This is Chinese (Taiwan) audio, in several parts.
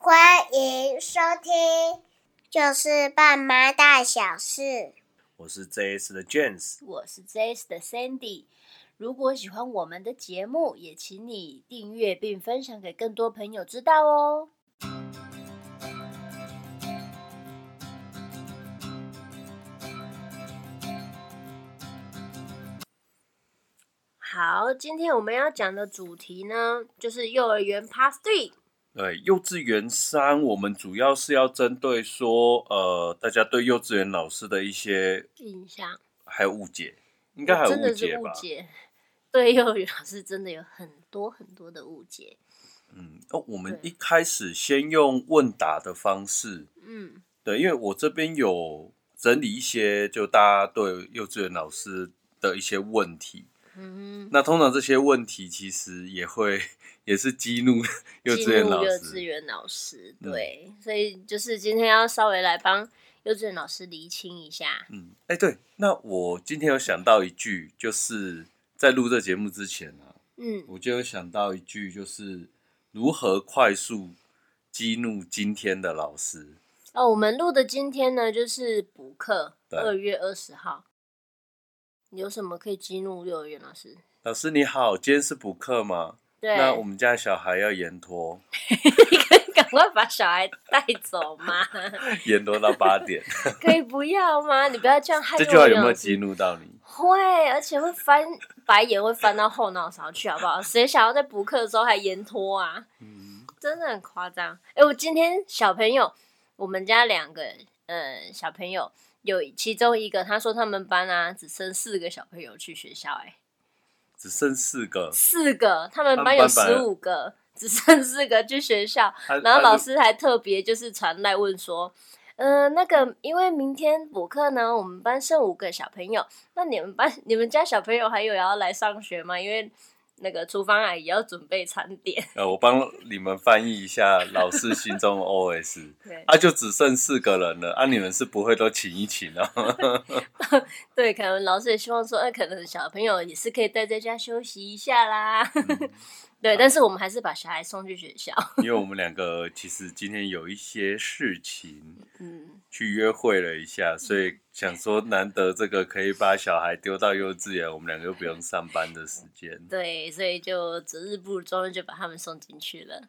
歡迎收聽，就是爸媽大小事。我是 JS 的 James，我是 JS 的 Sandy。如果喜歡我們的節目，也請你訂閱並分享給更多朋友知道哦。好，今天我們要講的主題呢，就是幼兒園 Part 3。對幼稚園三，我們主要是要針對說，呃，大家對幼稚園老師的一些印象，還有誤解，應該還有誤解吧？誤解，對，幼兒園老師真的有很多很多的誤解。嗯，哦，我們一開始先用問答的方式，嗯對，對，因為我這邊有整理一些，就大家對幼稚園老師的一些問題，嗯，那通常這些問題其實也會。也是激怒幼稚園老師，幼稚園老師對，嗯、所以就是今天要稍微來幫幼稚園老師釐清一下。嗯，哎、欸，對，那我今天有想到一句，就是在錄這節目之前啊，嗯，我就有想到一句，就是如何快速激怒今天的老師。哦，我們錄的今天呢，就是補課，二月二十號，對有什麼可以激怒幼兒園老師？老師你好，今天是補課嗎？對那我們家小孩要延托， 你可，可以趕快把小孩帶走嗎？ 延托到八點， 可以不要嗎？你不要這樣害怕樣，這句話有沒有激怒到你？會，而且會翻白眼，會翻到後腦勺去，好不好？誰 想要在補課的時候還延托啊？嗯、真的很誇張。哎、欸，我今天小朋友，我們家兩個、嗯，小朋友有其中一個，他說他們班啊，只剩四個小朋友去學校，欸，哎。只剩四個，四個，他們班有十五個，班班只剩四個去學校。還然後老師還特別就是傳賴問說，嗯還、呃，那個因為明天補課呢，我們班剩五個小朋友，那你們班你們家小朋友還有要來上學嗎？因為。那個廚房阿姨要準備餐點。呃，我幫你們翻譯一下老師心中 OS。 啊，就只剩四個人了， 啊，你們是不會都請一請啊？ 對，可能老師也希望說，哎，可能小朋友也是可以待在家休息一下啦。 嗯對，但是我們還是把小孩送去學校。因為我們兩個其實今天有一些事情，嗯， 去約會了一下，所以想說難得這個可以把小孩丟到幼稚園，我們兩個又不用上班的時間。對，所以就擇日不如撞日，就把他們送進去了。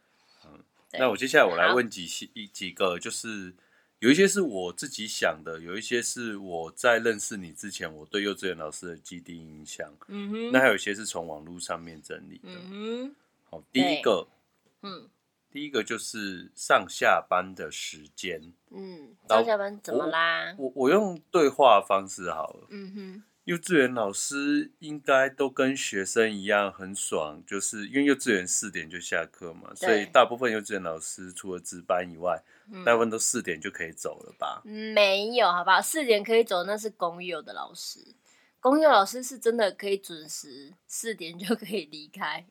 嗯，那我接下來我來問幾幾好幾個，就是。有一些是我自己想的，有一些是我在認識你之前我對幼稚園老師的既定印象，嗯哼，那還有一些是從網絡上面整理的，嗯哼，好，第一個，嗯。第一個就是上下班的時間，嗯，上下班怎麼啦？我我用對話方式好了，嗯哼。幼稚園老師應該都跟學生一樣很爽，就是因為幼稚園四點就下課嘛，對所以大部分幼稚園老師除了值班以外，嗯、大部分都四點就可以走了吧？嗯、沒有，好不好，四點可以走那是公幼的老師，公幼老師是真的可以準時四點就可以離開，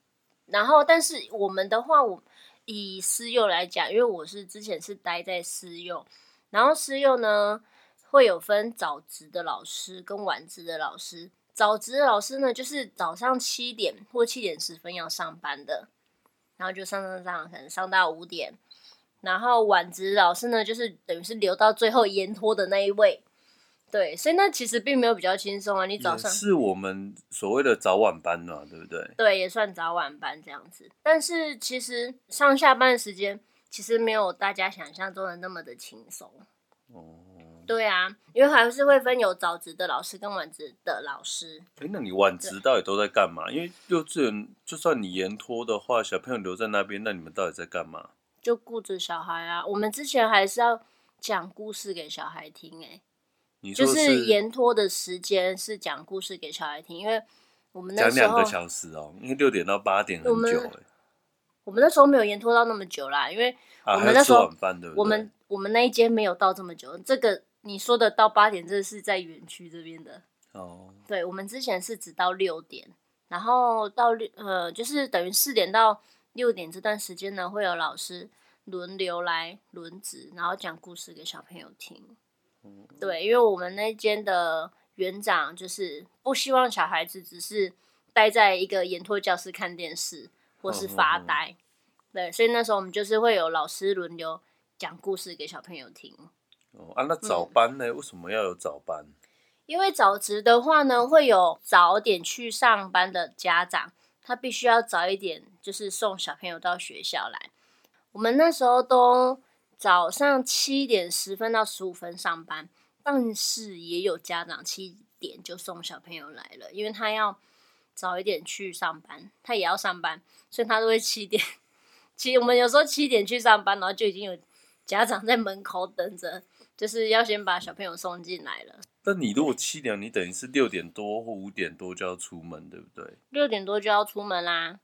然後但是我們的話，我。以私幼來講，因為我是之前是待在私幼，然後私幼呢會有分早值的老師跟晚值的老師。早值的老師呢，就是早上七點或七點十分要上班的，然後就上上上可能上到五點。然後晚值老師呢，就是等於是留到最後延托的那一位。對，所以那其實並沒有比較輕鬆啊。你早上是我們所謂的早晚班嘛，對不對？對，也算早晚班這樣子。但是其實上下班的時間其實沒有大家想象中的那麼的輕鬆。哦。對啊，因為還是會分有早值的老師跟晚值的老師。哎，那你晚值到底都在幹嘛？對因為幼稚園就算你延托的話，小朋友留在那邊，那你們到底在幹嘛？就顧着小孩啊。我們之前還是要講故事給小孩聽哎。是就是延拖的時間是講故事給小孩聽，因為我們那講兩個小時哦，因為六點到八點很久哎。我們那時候沒有延拖到那麼久啦，因為我們、啊、那時候對對我們我們那一間沒有到這麼久。這個你說的到八點，這是在園區這邊的哦。Oh. 對，我們之前是只到六點，然後到六呃，就是等於四點到六點這段時間呢，會有老師輪流來輪值，然後講故事給小朋友聽。對，因為我們那間的園長就是不希望小孩子只是待在一個延托教室看電視或是發呆。嗯嗯嗯、對，所以那時候我們就是會有老師輪流講故事給小朋友聽。哦啊，那早班呢？嗯、為什麼要有早班？因為早值的話呢，會有早點去上班的家長，他必須要早一點，就是送小朋友到學校來。我們那時候都。早上七點十分到十五分上班，但是也有家長七點就送小朋友來了，因為他要早一點去上班，他也要上班，所以他都會七點。其實我們有時候七點去上班，然後就已經有家長在門口等着，就是要先把小朋友送進來了。但你如果七點，你等於是六點多或五點多就要出門，對不對？六點多就要出門啦。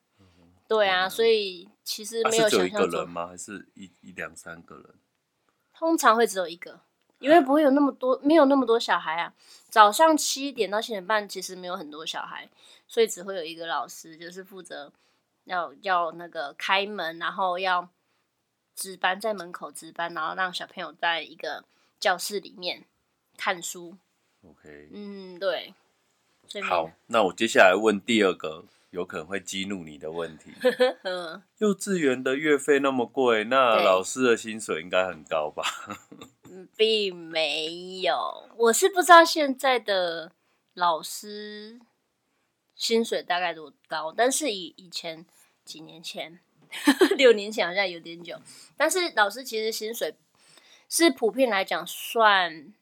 對啊，所以。其實沒有、啊、是只有一個人嗎？還是一一兩三個人？通常會只有一個，因為不會有那麼多，啊、沒有那麼多小孩啊。早上七點到七點半，其實沒有很多小孩，所以只會有一個老師，就是負責要要那個開門，然後要值班，在門口值班，然後讓小朋友在一個教室裡面看書。OK。嗯，對。好，那我接下來問第二個。有可能會激怒你的問題。幼稚園的月費那麼貴， 那老師的薪水應該很高吧？並沒有，我是不知道現在的老師薪水大概多高，但是以以前幾年前、六年前好像有點久，但是老師其實薪水是普遍來講算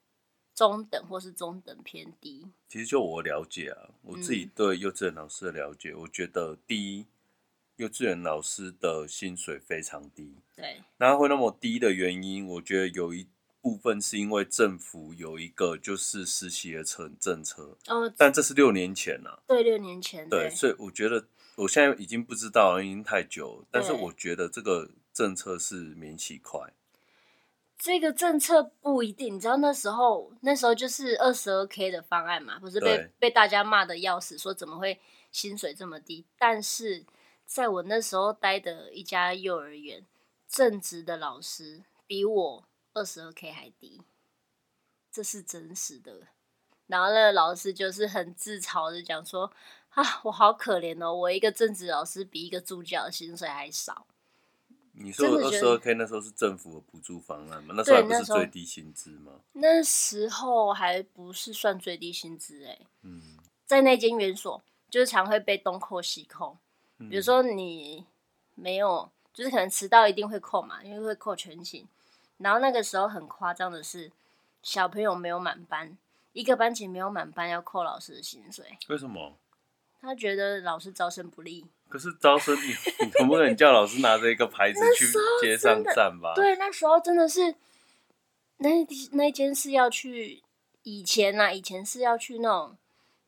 中等或是中等偏低。其實就我了解啊，我自己對幼稚園老師的了解，嗯、我覺得第一，幼稚園老師的薪水非常低。對，然後會那麼低的原因，我覺得有一部分是因為政府有一個就是實習的政策。哦。但這是六年前了，啊。對，六年前。對，對所以我覺得我現在已經不知道原因太久了，對但是我覺得這個政策是免洗筷。這個政策不一定，你知道那時候那時候就是二十二 K 的方案嘛，不是被，對被大家罵的要死，說怎麼會薪水這麼低？但是在我那時候待的一家幼兒園，正職的老師比我二十二 K 還低，這是真實的。然後那個老師就是很自嘲的講說啊，我好可憐哦，我一個正職老師比一個助教的薪水還少。你說二十二 k 那時候是政府的補助方案嘛？那時候還不是最低薪資嗎？那時候還不是最低薪資嗎？那時候還不是算最低薪資哎。嗯，在那間園所，就是常會被東扣西扣。比如說你沒有，就是可能遲到一定會扣嘛，因為會扣全勤。然後那個時候很誇張的是，小朋友沒有滿班，一個班級沒有滿班要扣老師的薪水。為什麼？他覺得老師招生不利， 可是招生你，總不能叫老師拿着一個牌子去街上站吧？ 對，那時候真的是那那間是要去以前啊，以前是要去那種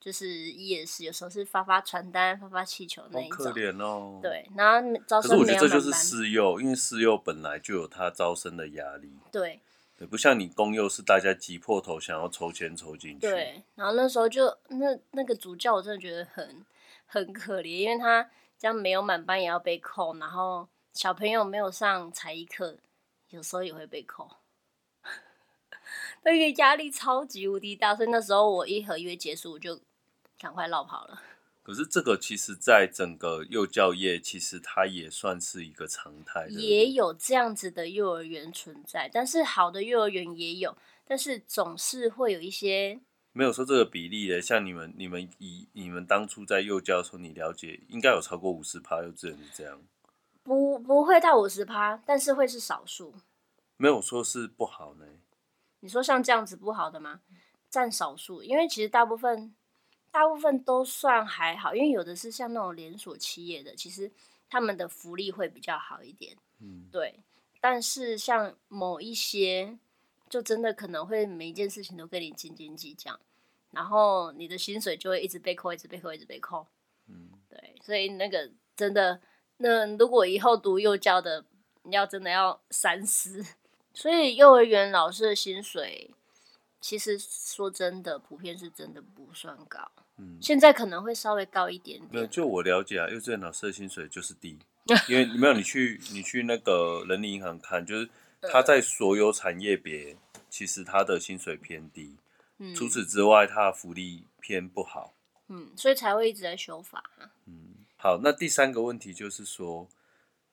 就是夜市，有時候是發發傳單、發發氣球那一種。很可憐哦，對，然後招生沒有，可是我覺得這就是私幼，因為私幼本來就有他招生的壓力。對。也不像你公幼是大家擠破頭想要抽籤抽進去，對。然後那時候就那那個主教，我真的覺得很很可憐，因為他這樣沒有滿班也要被扣，然後小朋友沒有上才藝課，有時候也會被扣， 那個壓力超級無敵大。所以那時候我一合約結束，我就趕快落跑了。可是這個其實，在整個幼教業，其實它也算是一個常態，也有這樣子的幼兒園存在。但是好的幼兒園也有，但是總是會有一些沒有說這個比例的。像你們，你們以你們當初在幼教的時候，你了解應該有超過五十趴幼稚園是這樣，不不會到五十趴，但是會是少數。沒有說是不好呢？你說像這樣子不好的嗎？佔少數，因為其實大部分。大部分都算還好，因為有的是像那種連鎖企業的，其實他們的福利會比較好一點。嗯，對。但是像某一些，就真的可能會每一件事情都跟你斤斤計較，然後你的薪水就會一直被扣，一直被扣，一直被扣，被扣。嗯，對。所以那個真的，那如果以後讀幼教的，你要真的要三思。所以幼兒園老師的薪水，其實說真的，普遍是真的不算高。嗯，現在可能會稍微高一點點，嗯。沒有，就我了解啊，幼稚園老師的薪水就是低， 因為有沒有你去，你去那個人力銀行看，就是他在所有產業別，對其實他的薪水偏低。嗯，除此之外，他的福利偏不好。嗯，所以才會一直在修法。嗯，好，那第三個問題就是說，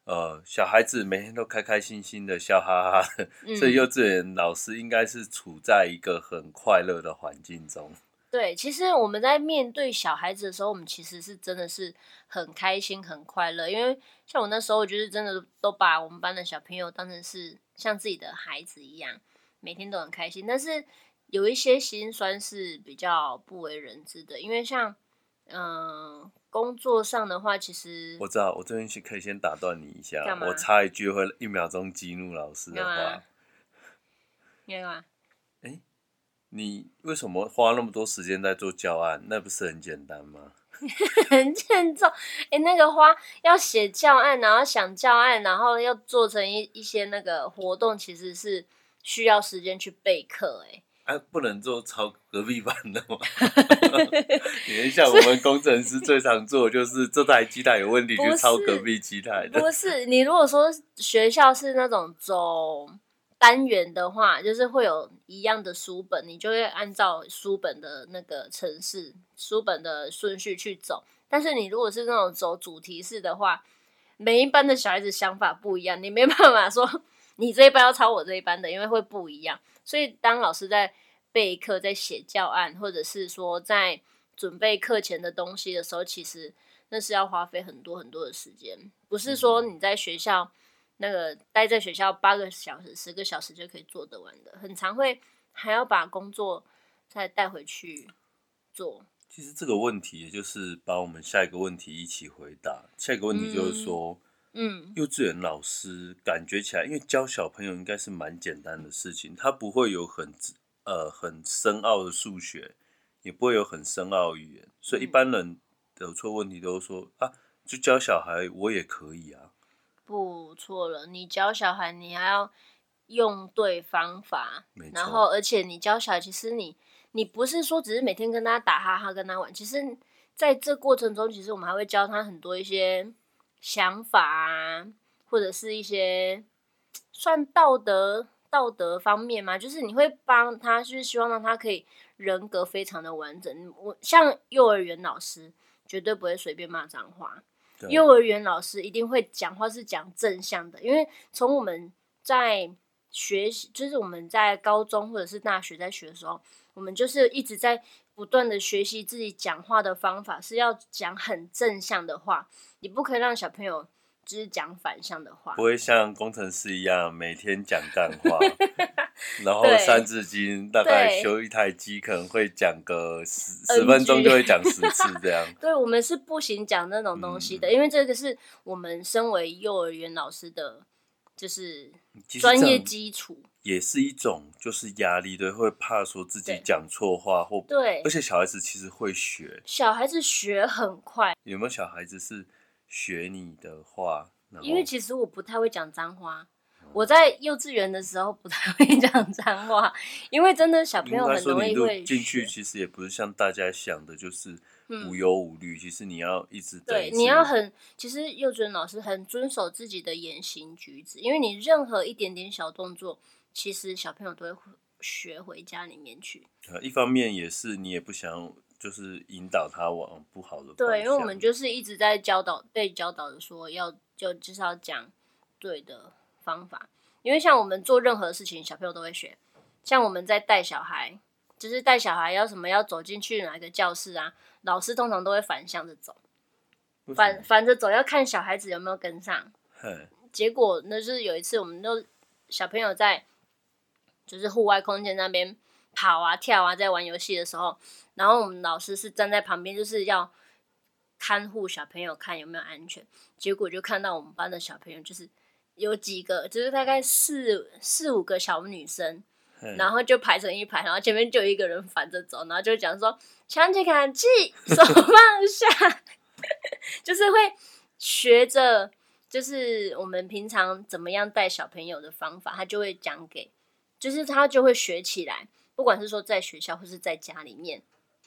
呃，小孩子每天都開開心心的笑哈哈，嗯， 所以幼稚園老師應該是處在一個很快樂的環境中？對，其實我們在面對小孩子的時候，我們其實是真的是很開心、很快樂。因為像我那時候，我覺得真的都把我們班的小朋友當成是像自己的孩子一樣，每天都很開心。但是有一些心酸是比較不為人知的，因為像嗯、呃、工作上的話，其實我知道，我這邊可以先打斷你一下，幹嘛？我插一句會一秒鐘激怒老師的話，明白嗎？你為什麼花那麼多時間在做教案？那不是很簡單嗎？ 很欠揍，哎、欸，那個花要寫教案，然後想教案，然後要做成一一些那個活動，其實是需要時間去備課、欸，哎、啊，不能做抄隔壁班的嗎？ 你像我們工程師最常做就是這台機台有問題就抄隔壁機台的。不，不是？你如果說學校是那種中。單元的話，就是會有一樣的書本，你就會按照書本的那個程式，書本的順序去走。但是你如果是那種走主題式的話，每一班的小孩子想法不一樣，你沒辦法說你這一班要抄我這一班的，因為會不一樣。所以當老師在備課，在寫教案，或者是說在準備課前的東西的時候，其實那是要花費很多很多的時間，不是說你在學校。那個待在學校八個小時、十個小時就可以做得完的，很常會還要把工作再帶回去做。其實這個問題也就是把我們下一個問題一起回答。下一個問題就是說，嗯，嗯，幼稚園老師感覺起來，因為教小朋友應該是蠻簡單的事情，他不會有很呃，很深奧的數學，也不會有很深奧的語言，所以一般人有錯問題都說、嗯、啊，就教小孩我也可以啊。不錯了，你教小孩你還要用對方法，沒錯。然後而且你教小孩，其實你你不是說只是每天跟他打哈哈跟他玩，其實在這過程中，其實我們還會教他很多一些想法啊，或者是一些算道德道德方面嘛，就是你會幫他，就是希望讓他可以人格非常的完整。我像幼兒園老師絕對不會隨便罵髒話。對幼兒園老師一定會講話是講正向的，因為從我們在學習，就是我們在高中或者是大學在學的時候，我們就是一直在不斷的學習自己講話的方法，是要講很正向的話，你不可以讓小朋友就是講反向的話，不會像工程師一樣每天講幹話。 然後《三字經》大概修一台機，可能會講個十對十分鐘，就會講十次這樣。 對，我們是不行講那種東西的，嗯，因為這個是我們身為幼兒園老師的，就是專業基礎，也是一種就是壓力，對，會怕說自己講錯話或對，或對，而且小孩子其實會學，小孩子學很快。有沒有小孩子是學你的話？因為其實我不太會講髒話。我在幼稚園的時候不太會講髒話，因為真的小朋友很容易會進、嗯、去。其實也不是像大家想的，就是無憂無慮。嗯、其實你要一直對，你要很。其實幼稚園老師很遵守自己的言行舉止，因為你任何一點點小動作，其實小朋友都會學回家裡面去。呃，一方面也是你也不想，就是引導他往不好的方向。對，因為我們就是一直在教導，被教導的說要就至少講對的方法，因為像我們做任何事情，小朋友都會學。像我們在帶小孩，就是帶小孩要什麼要走進去哪個教室啊？老師通常都會反向着走，是反反着走，要看小孩子有沒有跟上。嘿結果那就是有一次，我們都小朋友在就是戶外空間那邊跑啊跳啊，在玩遊戲的時候，然後我們老師是站在旁邊，就是要看護小朋友，看有沒有安全。結果就看到我們班的小朋友就是。有幾個，就是大概四四五個小女生，嗯，然後就排成一排，然後前面就有一個人反着走，然後就講說：“強吉卡，氣手放下。” 就是會學着，就是我們平常怎麼樣帶小朋友的方法，他就會講給，就是他就會學起來，不管是說在學校或是在家裡面。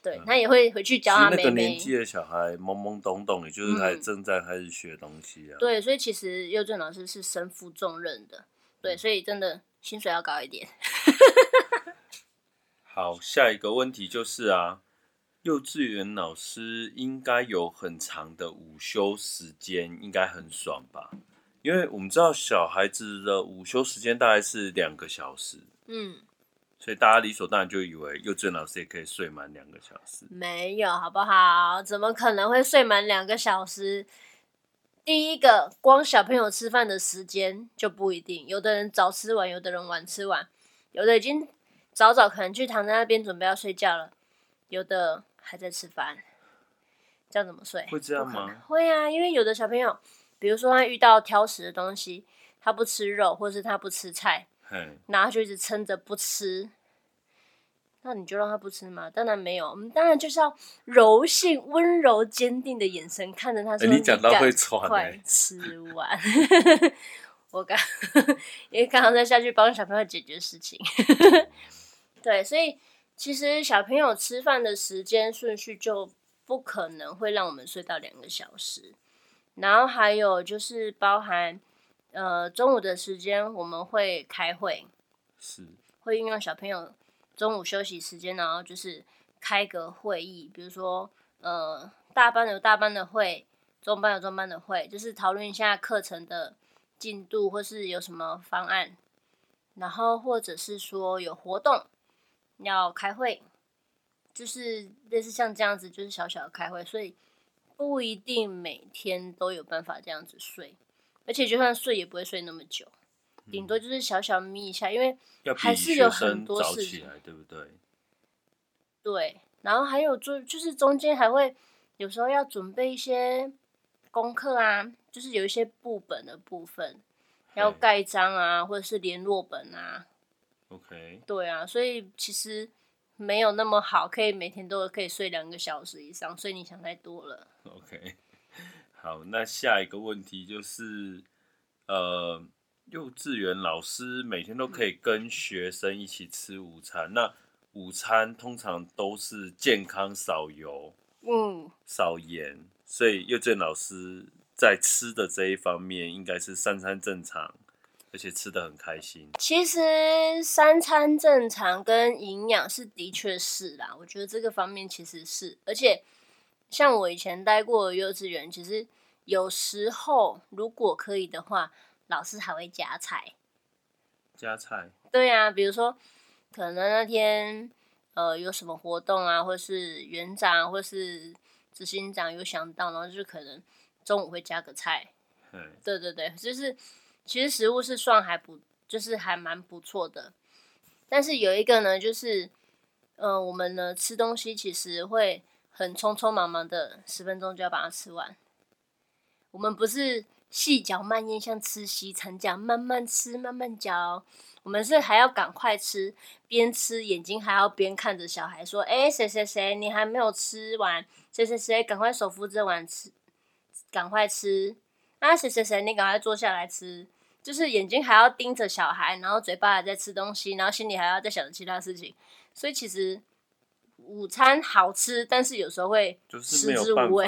對，他也會回去教他妹妹，其實那個年紀的小孩懵懵懂懂，也就是還正在開始學東西啊、嗯。對，所以其實幼稚老師是身負重任的，對，嗯、所以真的薪水要高一點。 好，下一個問題就是啊，幼稚園老師應該有很長的午休時間，應該很爽吧？因為我們知道小孩子的午休時間大概是兩個小時。嗯。所以大家理所當然就以為幼稚園老師也可以睡滿兩個小時，沒有好不好？怎麼可能會睡滿兩個小時？第一個，光小朋友吃飯的時間就不一定，有的人早吃完，有的人晚吃完，有的已經早早可能去躺在那邊準備要睡覺了，有的還在吃飯，這樣怎麼睡？會這樣嗎？會啊，因為有的小朋友，比如說他遇到挑食的東西，他不吃肉，或是他不吃菜。嗯，然後就一直撐着不吃，那你就讓他不吃嗎？當然沒有，我們當然就是要柔性、溫柔、堅定的眼神看着他說是吃、欸。你講到會喘，欸，趕快吃完。我剛因為剛剛在下去幫小朋友解決事情。 對，所以其實小朋友吃飯的時間順序就不可能會讓我們睡到兩個小時。然後還有就是包含。呃，中午的時間我們會開會，是會運用小朋友中午休息時間，然後就是開個會議，比如說呃大班有大班的會，中班有中班的會，就是討論一下課程的進度或是有什麼方案，然後或者是說有活動要開會，就是類似像這樣子，就是小小的開會，所以不一定每天都有辦法這樣子睡。而且就算睡也不會睡那麼久，頂多就是小小眯一下，嗯、因為還是有很多事情，起來對不對？對，然後還有就就是中間還會有時候要準備一些功課啊，就是有一些簿本的部分對要蓋章啊，或者是聯絡本啊。OK。對啊，所以其實沒有那麼好，可以每天都可以睡兩個小時以上，所以你想太多了。OK。好，那下一個問題就是，呃，幼稚園老師每天都可以跟學生一起吃午餐，那午餐通常都是健康少油，嗯，少鹽，所以幼稚園老師在吃的這一方面應該是三餐正常，而且吃得很開心。其實三餐正常跟營養是的確是啦，我覺得這個方面其實是，而且像我以前待過的幼稚園，其實。有時候如果可以的話，老師還會加菜。加菜？對啊，比如說可能那天呃有什麼活動啊，或是園長或是執行長有想到，然後就可能中午會加個菜。對嘿。對對對，就是其實食物是算還不就是還蠻不錯的，但是有一個呢，就是嗯、呃、我們呢吃東西其實會很匆匆忙忙的，十分鐘就要把它吃完。我們不是細嚼慢咽，像吃西餐這樣慢慢吃，慢慢嚼。我們是還要趕快吃，邊吃眼睛還要邊看着小孩，說：“哎，誰誰誰，你還沒有吃完？誰誰誰，趕快手扶這碗吃，趕快吃！啊，誰誰誰，你趕快坐下來吃。”就是眼睛還要盯着小孩，然後嘴巴還在吃東西，然後心裡還要在想着其他事情。所以其實。午餐好吃，但是有時候會就是沒有辦法， 不會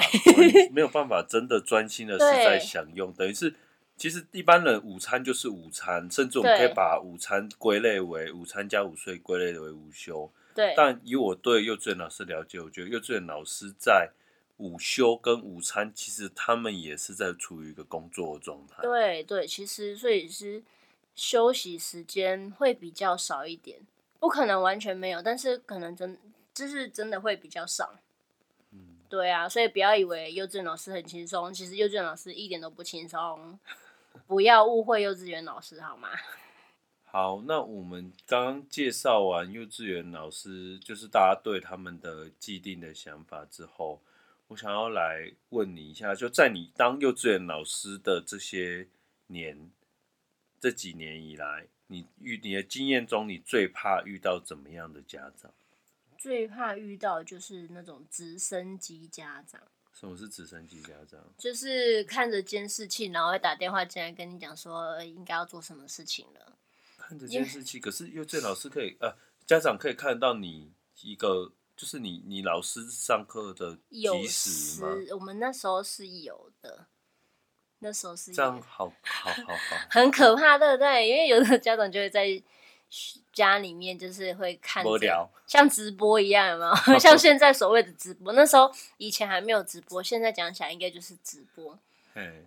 沒有辦法真的專心的是在享用。對等於是，其實一般人午餐就是午餐，甚至我們可以把午餐歸類為午餐加午睡，歸類為午休。對。但以我對幼稚園老師了解，我覺得幼稚園老師在午休跟午餐，其實他們也是在處於一個工作的狀態。對對，其實所以是休息時間會比較少一點，不可能完全沒有，但是可能真的。就是真的會比較少，嗯，對啊，所以不要以為幼稚園老師很輕鬆，其實幼稚園老師一點都不輕鬆，不要誤會幼稚園老師好嗎？好，那我們剛剛介紹完幼稚園老師，就是大家對他們的既定的想法之後，我想要來問你一下，就在你當幼稚園老師的這些年，這幾年以來，你遇你的經驗中，你最怕遇到怎麼樣的家長？最怕遇到就是那種直升機家長。什麼是直升機家長？就是看着監視器，然後會打電話進來跟你講說應該要做什麼事情了。看着監視器，為可是因為這老師可以呃、啊，家長可以看到你一個就是你你老師上課的即時嗎有時？我們那時候是有的，那時候是有的這樣，好，好，好，好， 很可怕的，對，因為有的家長就會在。家裡面就是會看，像直播一樣，嘛，像現在所謂的直播，那時候以前還沒有直播，現在講起來應該就是直播。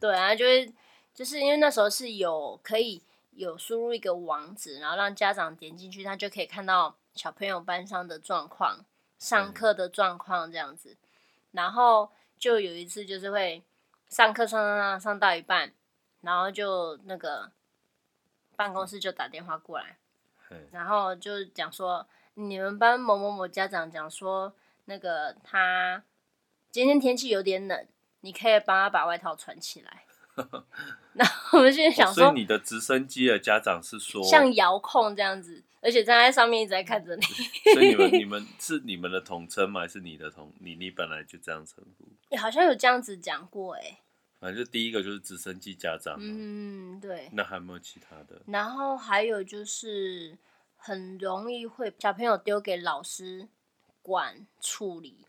對啊，就是就是因為那時候是有可以有輸入一個網址，然後讓家長點進去，他就可以看到小朋友班上的狀況、上課的狀況這樣子。然後就有一次就是會上課上上上上上上到一半，然後就那個辦公室就打電話過來。然後就講說，你們班某某某家長講說，那個他今天天氣有點冷，你可以幫他把外套穿起來。 然後我們現在想說、哦，所以你的直升機的家長是說，像遙控這樣子，而且站在上面一直在看着你。 所以你們你們是你們的統稱嗎？還是你的同你你本來就這樣稱呼？你好像有這樣子講過哎、欸。反正、啊、第一個就是直升機家長，嗯，對。那還有沒有其他的？然後還有就是很容易會小朋友丟給老師管處理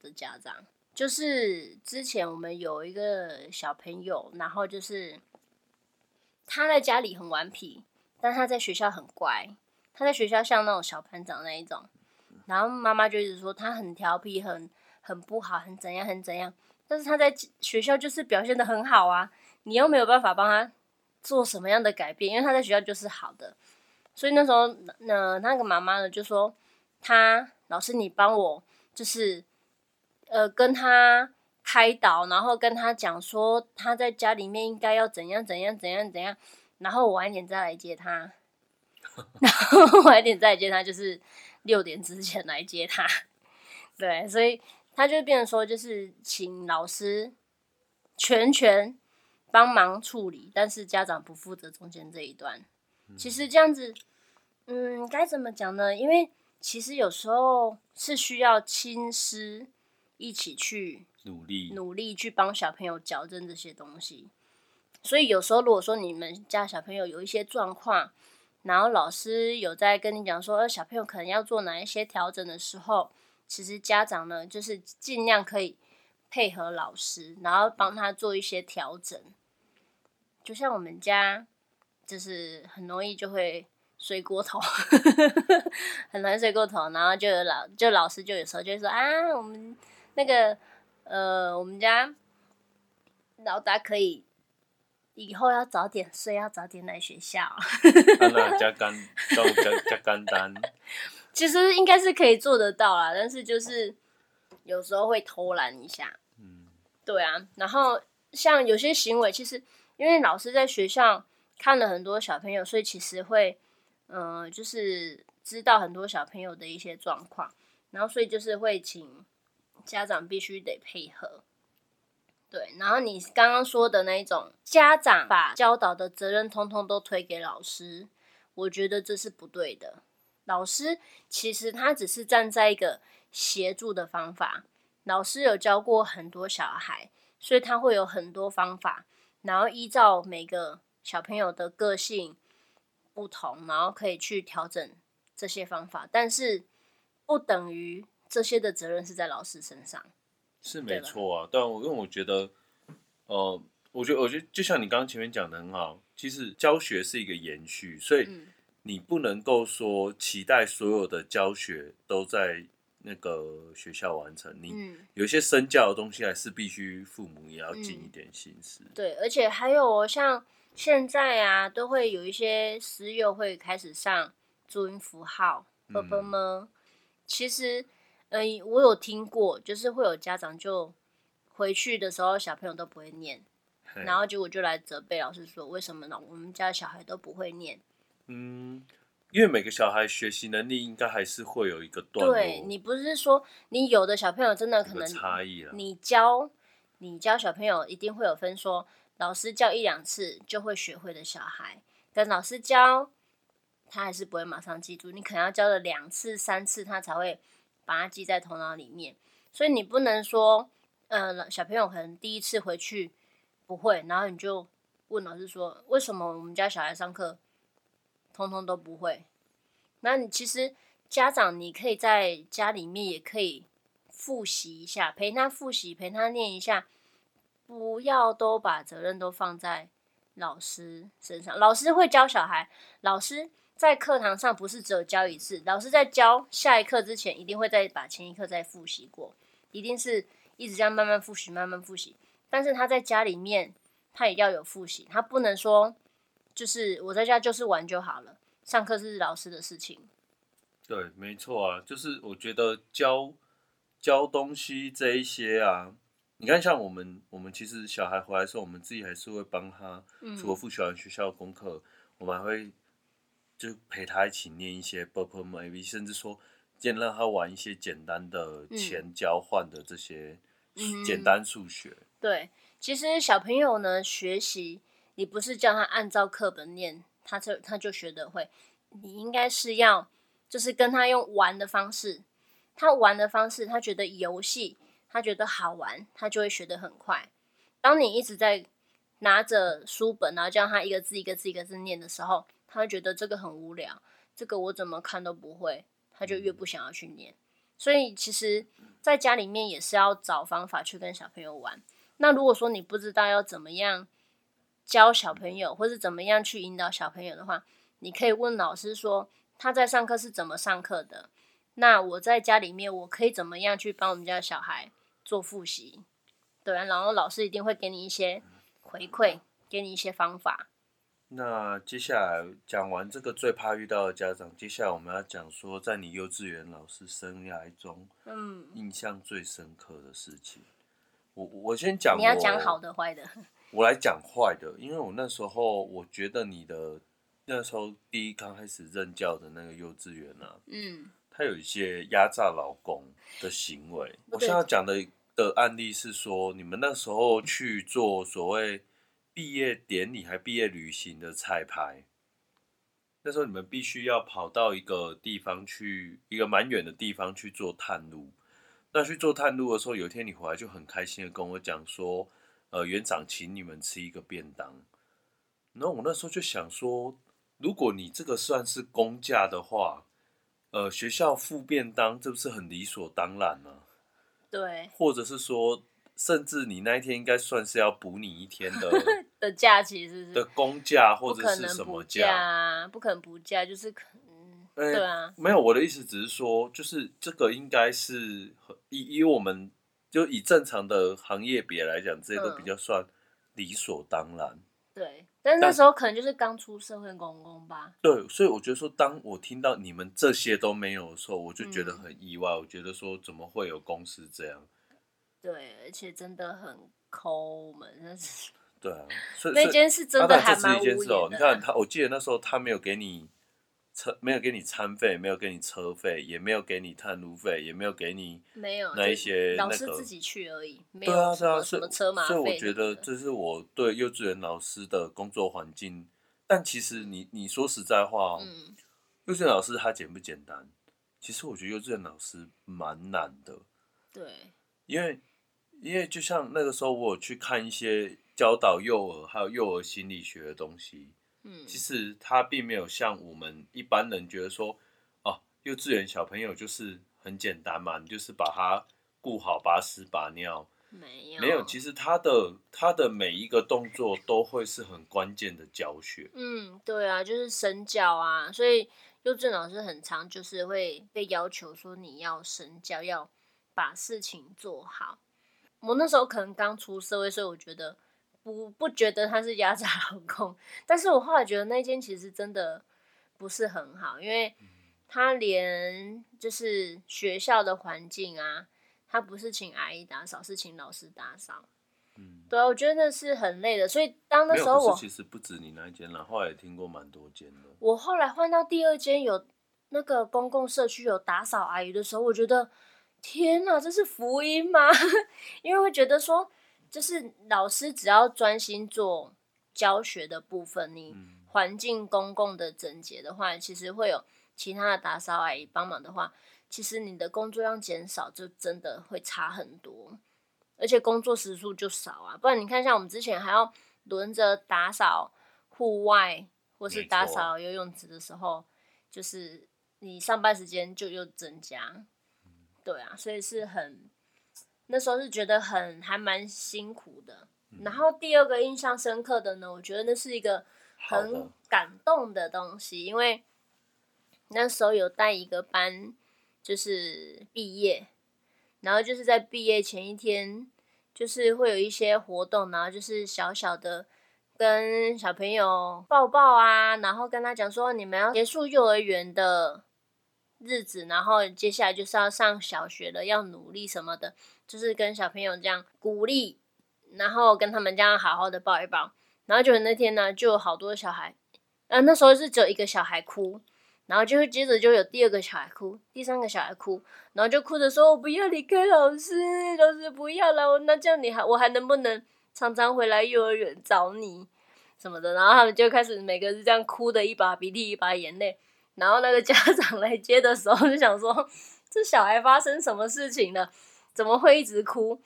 的家長，就是之前我們有一個小朋友，然後就是他在家裡很頑皮，但他在學校很乖，他在學校像那種小班長那一種，然後媽媽就一直說他很調皮，很很不好，很怎樣，很怎樣。但是他在學校就是表現得很好啊，你又沒有辦法幫他做什麼樣的改變，因為他在學校就是好的。所以那時候，那、呃、那個媽媽呢就說：“他老師你，你幫我就是呃跟他開導，然後跟他講說他在家裡面應該要怎樣怎樣怎樣怎樣，然後我晚一點再來接他， 然後晚一點再來接他就是六點之前來接他，對，所以。”他就變成說，就是請老師全權幫忙處理，但是家長不負責中間這一段。嗯、其實這樣子，嗯，該怎麼講呢？因為其實有時候是需要親師一起去努力，努力去幫小朋友矯正這些東西。所以有時候如果說你們家小朋友有一些狀況，然後老師有在跟你講說，呃，小朋友可能要做哪一些調整的時候。其實家長呢，就是儘量可以配合老師，然後幫他做一些調整。嗯、就像我們家，就是很容易就會睡過頭， 很難睡過頭，然後就有老就老師就有時候就會說啊，我們那個呃，我們家老大可以以後要早點睡，要早點來學校。 啊其實應該是可以做得到啦，但是就是有時候會偷懶一下，嗯，對啊。然後像有些行為，其實因為老師在學校看了很多小朋友，所以其實會，嗯、呃，就是知道很多小朋友的一些狀況，然後所以就是會請家長必須得配合，對。然後你剛剛說的那一種，家長把教導的責任通通都推給老師，我覺得這是不對的。老師其實他只是站在一個協助的方法。老師有教過很多小孩，所以他會有很多方法，然後依照每個小朋友的個性不同，然後可以去調整這些方法。但是不等於這些的責任是在老師身上。是沒錯啊，但我對吧？因為我覺得，呃，我覺得我覺得就像你剛剛前面講的很好，其實教學是一個延續，所以。嗯你不能夠說，期待所有的教學都在那個學校完成，嗯、你有些身教的東西還是必須父母也要盡一點心思、嗯。對，而且還有像現在啊，都會有一些私幼會開始上注音符號，寶寶們。嗯、其實，嗯、呃，我有聽過，就是會有家長就回去的時候，小朋友都不會念，嘿然後結果就來責備老師說，為什麼呢？我們家小孩都不會念。嗯，因為每個小孩學習能力應該還是會有一個段落，對。對，你不是說你有的小朋友真的可能差異了、啊，你教你教小朋友一定會有分，說老師教一兩次就會學會的小孩，但老師教他還是不會馬上記住，你可能要教了兩次三次他才會把他記在頭腦裡面。所以你不能說，嗯、呃，小朋友可能第一次回去不會，然後你就問老師說，為什麼我們家小孩上課通通都不會，那你其實家長，你可以在家裡面也可以複習一下，陪他複習，陪他念一下，不要都把責任都放在老師身上。老師會教小孩，老師在課堂上不是只有教一次，老師在教下一課之前，一定會再把前一課再複習過，一定是一直這樣慢慢複習，慢慢複習。但是他在家裡面，他也要有複習，他不能說。就是我在家就是玩就好了，上課是老師的事情。對，沒錯啊，就是我覺得教教東西這一些啊，你看像我們、嗯、我們其實小孩回來的時候，我們自己還是會幫他，嗯，除了複習完學校的功課，我們還會就陪他一起念一些 bubble math 甚至說先讓他玩一些簡單的錢交換的這些簡單數學，嗯嗯嗯。對，其實小朋友呢學習。你不是叫他按照課本念，他就他就學得會。你應該是要，就是跟他用玩的方式，他玩的方式，他覺得遊戲，他覺得好玩，他就會學得很快。當你一直在拿着書本，然後叫他一個字一個字一個字念的時候，他覺得這個很無聊，這個我怎麼看都不會，他就越不想要去念。所以其實在家裡面也是要找方法去跟小朋友玩。那如果說你不知道要怎麼樣，教小朋友，或是怎麼樣去引導小朋友的話，你可以問老師說他在上課是怎麼上課的。那我在家裡面，我可以怎麼樣去幫我們家小孩做複習？對啊，然後老師一定會給你一些回饋，嗯、給你一些方法。那接下來講完這個最怕遇到的家長，接下來我們要講說，在你幼稚園老師生涯中，嗯，印象最深刻的事情。嗯、我我先講，你要講好的壞的。我來講壞的，因為我那時候我覺得你的那時候第一剛開始任教的那個幼稚園啊，嗯，他有一些壓榨勞工的行為。不對 我現在講的的案例是說，你們那時候去做所謂畢業典禮還畢業旅行的彩排，那時候你們必須要跑到一個地方去，一個蠻遠的地方去做探路。那去做探路的時候，有一天你回來就很開心的跟我講說。呃，園長請你們吃一個便當，然後我那時候就想說，如果你這個算是公假的話，呃，學校付便當，這是不是很理所當然嗎？啊？對。或者是說，甚至你那一天應該算是要補你一天的 的假期是不是？的公假或者是什麼假？啊？不可能補假，就是可。嗯欸、對啊。沒有，我的意思只是說，就是這個應該是以以我們。就以正常的行業別來講，這些都比較算理所當然。嗯、對，但那時候可能就是剛出社會公公吧。對，所以我覺得說，當我聽到你們這些都沒有的時候，我就覺得很意外。嗯、我覺得說，怎麼會有公司這樣？對，而且真的很摳門，那是。對啊，所以 那件是真的還蠻無恥的、啊。你看他，我記得那時候他沒有給你。車沒有給你餐費，沒有給你車費，也沒有給你探路費，也沒有給你些、那個，沒有那一些老師自己去而已。沒有什麼，對啊，對啊，是，所以我覺得這是我對幼稚園老師的工作環境。嗯、但其實你你說實在話，嗯，幼稚園老師他簡不簡單？其實我覺得幼稚園老師蠻難的，對，因為因為就像那個時候我有去看一些教導幼兒還有幼兒心理學的東西。其實他並沒有像我們一般人覺得說，哦、啊，幼稚園小朋友就是很簡單嘛，你就是把他顧好，把屎把尿。沒有，沒有。其實他的他的每一個動作都會是很關鍵的教學。嗯，對啊，就是身教啊。所以幼稚園老師很常就是會被要求說，你要身教，要把事情做好。我那時候可能剛出社會，所以我覺得。不不覺得他是壓榨老公，但是我後來覺得那一間其實真的不是很好，因為他連就是學校的環境啊，他不是請阿姨打掃，是請老師打掃，嗯，對啊，我覺得那是很累的。所以當那時候我其實不止你那一間了，後來也聽過蠻多間的。我後來換到第二間有那個公共社區有打掃阿姨的時候，我覺得天哪啊，這是福音嗎？ 因為會覺得說。就是老師只要專心做教學的部分，你環境公共的整潔的話，其實會有其他的打掃阿姨幫忙的話，其實你的工作量減少，就真的會差很多，而且工作時數就少啊。不然你看，像我們之前還要輪着打掃戶外或是打掃游泳池的時候，就是你上班時間就又增加，對啊，所以是很。那時候是覺得很還蠻辛苦的，嗯，然後第二個印象深刻的呢，我覺得那是一個很感動的東西，因為那時候有帶一個班就是畢業，然後就是在畢業前一天，就是會有一些活動，然後就是小小的跟小朋友抱抱啊，然後跟他講說，你們要結束幼兒園的。日子，然後接下來就是要上小學了，要努力什麼的，就是跟小朋友這樣鼓勵，然後跟他們這樣好好的抱一抱，然後就那天呢、啊，就有好多小孩，嗯、呃，那時候是只有一個小孩哭，然後就會接着就有第二個小孩哭，第三個小孩哭，然後就哭着說：“我不要離開老師，老師不要了，那這樣你還我還能不能常常回來幼兒園找你什麼的？”然後他們就開始每個是這樣哭的，一把鼻涕一把眼淚。然後那個家長來接的時候就想說，這小孩發生什麼事情了？怎麼會一直哭？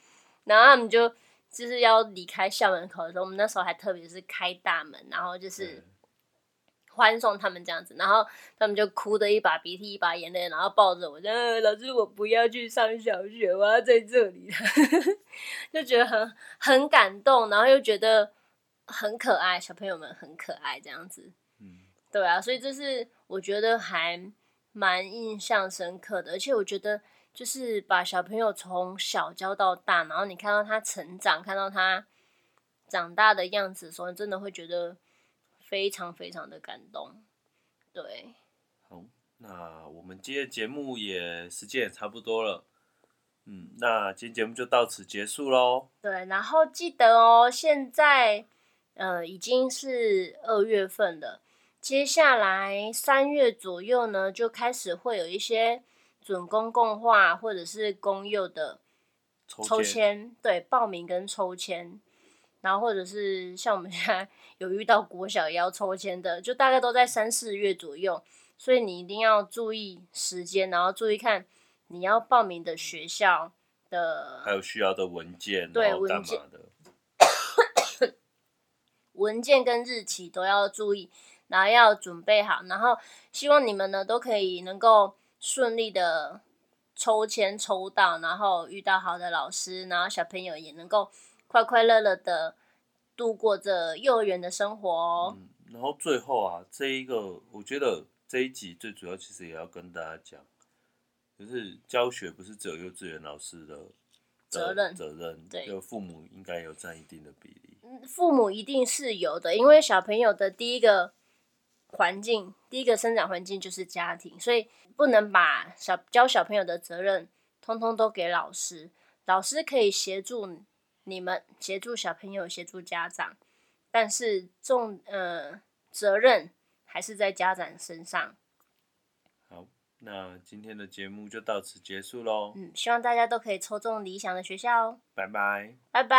然後他們就就是要離開校門口的時候，我們那時候還特別是開大門，然後就是歡送他們這樣子。然後他們就哭的一把鼻涕一把眼淚，然後抱着我說：“老師，我不要去上小學，我要在這裡。 ”就覺得很很感動，然後又覺得很可愛，小朋友們很可愛這樣子。對啊，所以這是我覺得還蠻印象深刻的，而且我覺得就是把小朋友從小教到大，然後你看到他成長，看到他長大的樣子的時候，你真的會覺得非常非常的感動。對，好，那我們今天的節目也時間也差不多了，嗯，那今天節目就到此結束嘍。對，然後記得哦，現在呃已經是二月份了。接下來三月左右呢，就開始會有一些準公共化或者是公幼的抽、抽籤，對，報名跟抽籤，然後或者是像我們現在有遇到國小也要抽籤的，就大概都在三四月左右，所以你一定要注意時間，然後注意看你要報名的學校的，還有需要的文件，對，文件的 文件跟日期都要注意。然後要準備好，然後希望你們呢都可以能夠順利的抽籤抽到，然後遇到好的老師，然後小朋友也能夠快快樂樂的度過這幼兒園的生活哦。嗯，然後最後啊，這一個我覺得這一集最主要其實也要跟大家講，就是教學不是只有幼稚園老師的責任，責任，對。父母應該有佔一定的比例。嗯，父母一定是有的，因為小朋友的第一個。環境，第一個生長環境就是家庭，所以不能把小教小朋友的責任通通都給老師。老師可以協助你們、協助小朋友、協助家長，但是重呃責任還是在家長身上。好，那今天的節目就到此結束嘍。嗯，希望大家都可以抽中理想的學校。拜拜，拜拜。